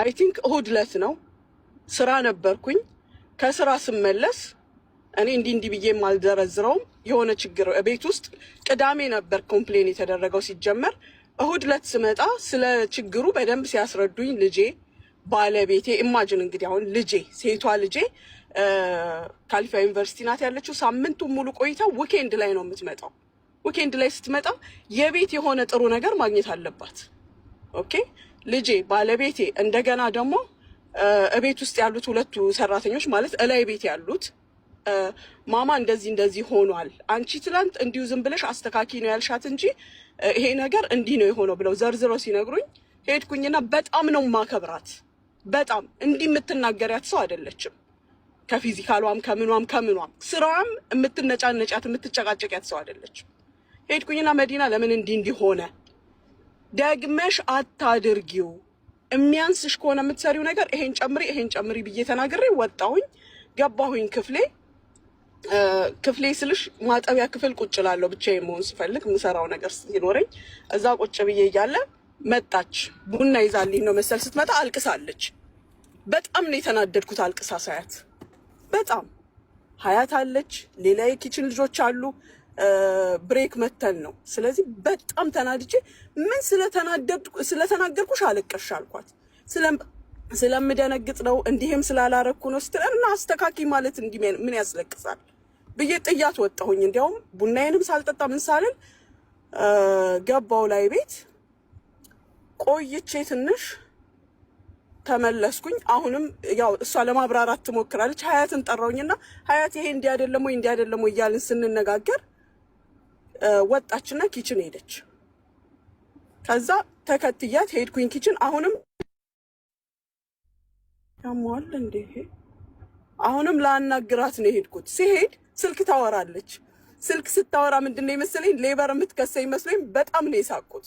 አይ ቲንክ እሁድ ዕለት ነው ስራ ነበርኩኝ። ከስራ ስመለስ እኔ እንዲህ እንዲህ ብዬ አልዘረዝረውም። የሆነ ችግር ቤት ውስጥ ቅዳሜ ነበር ኮምፕሌን የተደረገው ሲጀመር። እሁድ ዕለት ስመጣ ስለ ችግሩ በደንብ ሲያስረዱኝ ልጄ ባለቤቴ ኢማጅን እንግዲህ አሁን ልጄ ሴቷ ልጄ ካሊፊያ ዩኒቨርሲቲ ናት ያለችው። ሳምንቱን ሙሉ ቆይታ ዊኬንድ ላይ ነው የምትመጣው። ዊኬንድ ላይ ስትመጣ የቤት የሆነ ጥሩ ነገር ማግኘት አለባት። ኦኬ ልጄ፣ ባለቤቴ እንደገና ደግሞ እቤት ውስጥ ያሉት ሁለቱ ሰራተኞች ማለት እላይ ቤት ያሉት ማማ እንደዚህ እንደዚህ ሆኗል፣ አንቺ ትላንት እንዲሁ ዝም ብለሽ አስተካኪ ነው ያልሻት እንጂ ይሄ ነገር እንዲህ ነው የሆነው ብለው ዘርዝረው ሲነግሩኝ ሄድኩኝና በጣም ነው ማከብራት። በጣም እንዲህ የምትናገሪያት ሰው አይደለችም። ከፊዚካሏም ከምኗም ከምኗም ስራዋም የምትነጫነጫት የምትጨቃጨቂያት ሰው አይደለችም። ሄድኩኝና መዲና ለምን እንዲህ እንዲህ ሆነ ደግመሽ አታድርጊው። የሚያንስሽ ከሆነ የምትሰሪው ነገር ይሄን ጨምሪ፣ ይሄን ጨምሪ ብዬ ተናግሬ ወጣሁኝ። ገባሁኝ ክፍሌ ክፍሌ ስልሽ ማጠቢያ ክፍል ቁጭ ላለሁ ብቻዬን መሆን ስፈልግ የምሰራው ነገር ሲኖረኝ እዛ ቁጭ ብዬ እያለ መጣች። ቡና ይዛልኝ ነው መሰል ስትመጣ አልቅሳለች። በጣም ነው የተናደድኩት አልቅሳ ሳያት። በጣም ሀያት አለች፣ ሌላ የኪችን ልጆች አሉ። ብሬክ መተን ነው። ስለዚህ በጣም ተናድጄ ምን ስለተናገርኩሽ አለቀሽ አልኳት። ስለምደነግጥ ነው እንዲህም ስላላረኩ ነው ስትል እና አስተካኪ ማለት እንዲህ ምን ያስለቅሳል ብዬ ጥያት ወጣሁኝ። እንዲያውም ቡናዬንም ሳልጠጣ ምን ሳልን ገባው ላይ ቤት ቆይቼ ትንሽ ተመለስኩኝ። አሁንም ያው እሷ ለማብራራት ትሞክራለች። ሀያትን ጠራውኝና ሀያት ይሄ እንዲህ አይደለም ወይ እንዲህ አይደለም ወይ እያልን ስንነጋገር ወጣችና ኪችን ሄደች። ከዛ ተከትያት ሄድኩኝ ኪችን። አሁንም ያሟል እንዴ አሁንም ላናግራት ነው የሄድኩት። ሲሄድ ስልክ ታወራለች። ስልክ ስታወራ ምንድነው ነው የመሰለኝ ሌበር የምትከሰኝ መስሎኝ በጣም ነው የሳቅኩት።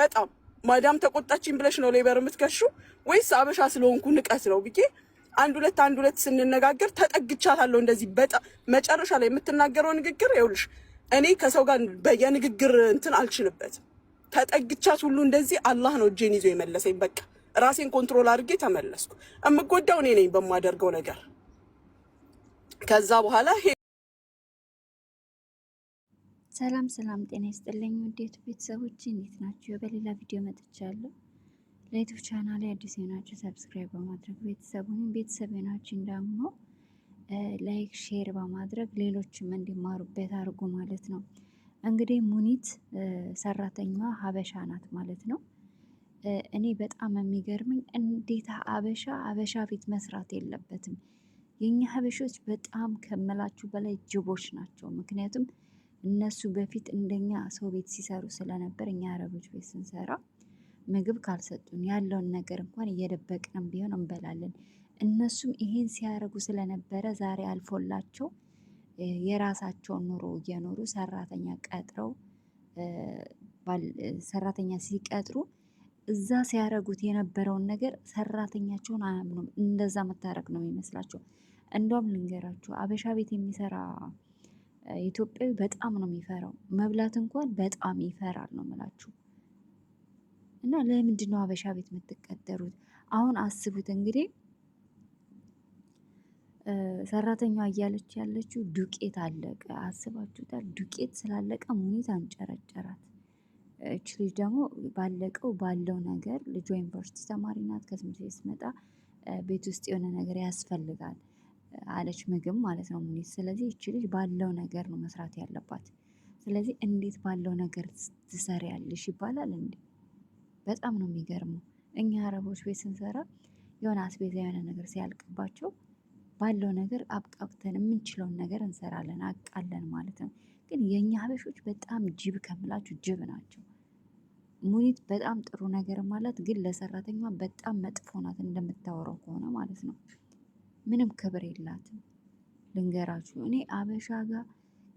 በጣም ማዳም ተቆጣችኝ ብለሽ ነው ሌበር የምትከሹ ወይስ አበሻ ስለሆንኩ ንቀት ነው ብዬ አንድ ሁለት አንድ ሁለት ስንነጋገር ተጠግቻታለሁ። እንደዚህ በጣም መጨረሻ ላይ የምትናገረው ንግግር ይኸውልሽ እኔ ከሰው ጋር በየንግግር እንትን አልችልበት። ተጠግቻት ሁሉ እንደዚህ አላህ ነው እጄን ይዞ የመለሰኝ። በቃ ራሴን ኮንትሮል አድርጌ ተመለስኩ። የምጎዳው እኔ ነኝ በማደርገው ነገር። ከዛ በኋላ ሰላም ሰላም፣ ጤና ይስጥልኝ ውዴቱ ቤተሰቦች እንዴት ናቸው? በሌላ ቪዲዮ መጥቻለሁ። ለዩቱብ ቻናል አዲስ የሆናችሁ ሰብስክራይብ በማድረግ ቤተሰቡን ቤተሰብ ደግሞ እንዳምሆ ላይክ ሼር በማድረግ ሌሎችም እንዲማሩበት አድርጉ ማለት ነው። እንግዲህ ሙኒት ሰራተኛዋ ሀበሻ ናት ማለት ነው። እኔ በጣም የሚገርምኝ እንዴት ሀበሻ ሀበሻ ቤት መስራት የለበትም። የኛ ሀበሾች በጣም ከምላችሁ በላይ ጅቦች ናቸው። ምክንያቱም እነሱ በፊት እንደኛ ሰው ቤት ሲሰሩ ስለነበር እኛ አረቦች ቤት ስንሰራ ምግብ ካልሰጡን ያለውን ነገር እንኳን እየደበቅንም ቢሆን እንበላለን። እነሱም ይሄን ሲያደርጉ ስለነበረ ዛሬ አልፎላቸው የራሳቸውን ኑሮ እየኖሩ ሰራተኛ ቀጥረው ሰራተኛ ሲቀጥሩ እዛ ሲያደርጉት የነበረውን ነገር ሰራተኛቸውን አያምኑም። እንደዛ መታረቅ ነው የሚመስላቸው። እንደውም ልንገራችሁ፣ አበሻ ቤት የሚሰራ ኢትዮጵያዊ በጣም ነው የሚፈራው። መብላት እንኳን በጣም ይፈራል ነው የምላችሁ። እና ለምንድን ነው አበሻ ቤት የምትቀጠሩት? አሁን አስቡት እንግዲህ ሰራተኛዋ እያለች ያለችው ዱቄት አለቀ። አስባችሁታል? ዱቄት ስላለቀ ሙኒት አንጨረጨራት። እች ልጅ ደግሞ ባለቀው ባለው ነገር ልጇ ዩኒቨርሲቲ ተማሪ ናት። ከትምህርት ቤት ስመጣ ቤት ውስጥ የሆነ ነገር ያስፈልጋል አለች፣ ምግብ ማለት ነው ሙኒት። ስለዚህ እች ልጅ ባለው ነገር ነው መስራት ያለባት። ስለዚህ እንዴት ባለው ነገር ትሰሪያለሽ ይባላል እንዴ? በጣም ነው የሚገርመው። እኛ አረቦች ቤት ስንሰራ የሆነ አስቤዛ የሆነ ነገር ሲያልቅባቸው ባለው ነገር አብቃብተን የምንችለውን ነገር እንሰራለን አቃለን ማለት ነው። ግን የእኛ ሀበሾች በጣም ጅብ ከምላችሁ ጅብ ናቸው። ሙኒት በጣም ጥሩ ነገር ማለት ግን ለሰራተኛ በጣም መጥፎ ናት እንደምታወራው ከሆነ ማለት ነው። ምንም ክብር የላትም። ልንገራችሁ እኔ አበሻ ጋር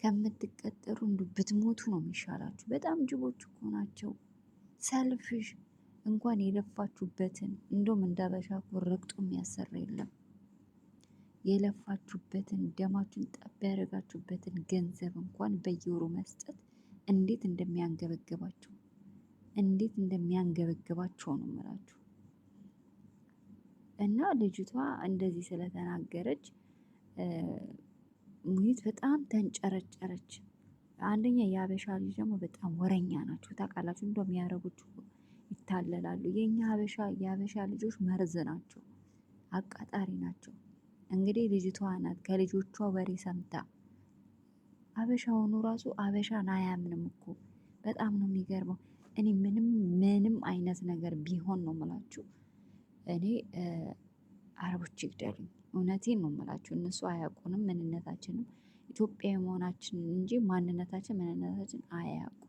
ከምትቀጠሩ እንዱ ብትሞቱ ነው የሚሻላችሁ። በጣም ጅቦች እኮ ናቸው። ሰልፍሽ እንኳን የለፋችሁበትን እንደውም እንደ አበሻ እኮ ረግጦ የሚያሰራ የለም። የለፋችሁበትን ደማችሁን ጠብ ያደረጋችሁበትን ገንዘብ እንኳን በየወሩ መስጠት እንዴት እንደሚያንገበግባችሁ እንዴት እንደሚያንገበግባችሁ ነው የምላችሁ። እና ልጅቷ እንደዚህ ስለተናገረች ሙኒት በጣም ተንጨረጨረች። አንደኛ የሀበሻ ልጅ ደግሞ በጣም ወረኛ ናቸው። ታውቃላችሁ፣ እንደው የሚያደርጉት ይታለላሉ። የእኛ ሀበሻ የሀበሻ ልጆች መርዝ ናቸው፣ አቃጣሪ ናቸው። እንግዲህ ልጅቷ ናት ከልጆቿ ወሬ ሰምታ። አበሻ ሆኖ ራሱ አበሻን አያምንም እኮ በጣም ነው የሚገርመው። እኔ ምንም ምንም አይነት ነገር ቢሆን ነው ምላችሁ እኔ አረቦች ይግደሉኝ። እውነቴን ነው ምላችሁ። እነሱ አያውቁንም ምንነታችንም ኢትዮጵያዊ መሆናችንን እንጂ ማንነታችን ምንነታችን አያውቁንም።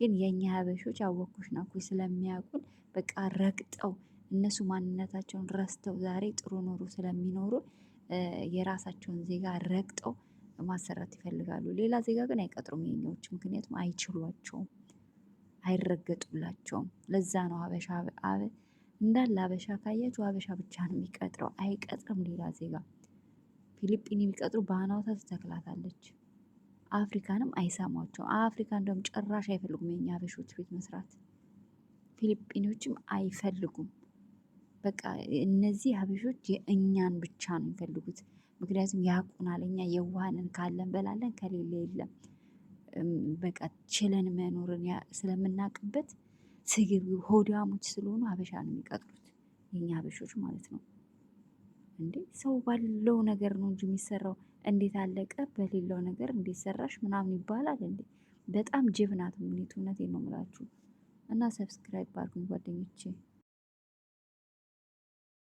ግን የእኛ ሀበሾች አወኩሽ ናኩ ስለሚያውቁን በቃ ረግጠው እነሱ ማንነታቸውን ረስተው ዛሬ ጥሩ ኑሮ ስለሚኖሩ የራሳቸውን ዜጋ ረግጠው ማሰራት ይፈልጋሉ። ሌላ ዜጋ ግን አይቀጥሩም የኛዎች፣ ምክንያቱም አይችሏቸውም፣ አይረገጡላቸውም። ለዛ ነው ሀበሻ እንዳለ ሀበሻ ካያችሁ ሀበሻ ብቻ ነው የሚቀጥረው፣ አይቀጥርም ሌላ ዜጋ። ፊሊጲን የሚቀጥሩ በአናቷ ትተክላታለች። አፍሪካንም አይሰማቸውም። አፍሪካ እንደውም ጭራሽ አይፈልጉም የኛ ሀበሾች ቤት መስራት፣ ፊሊጲኖችም አይፈልጉም። በቃ እነዚህ ሀበሾች የእኛን ብቻ ነው የሚፈልጉት። ምክንያቱም ያቁናል እኛ የዋህንን ካለን በላለን ከሌለ የለም። በቃ ችለን መኖርን ስለምናቅበት ስግብግብ ሆዳሞች ስለሆኑ ሀበሻ ነው የሚቀጥሉት የኛ ሀበሾች ማለት ነው። እንዴ ሰው ባለው ነገር ነው እንጂ የሚሰራው እንዴት አለቀ በሌለው ነገር እንዴት ሰራሽ ምናምን ይባላል እንዴ። በጣም ጅብ ናት ሙኒት፣ ነው እና ሰብስክራይብ አድርጉኝ ጓደኞቼ።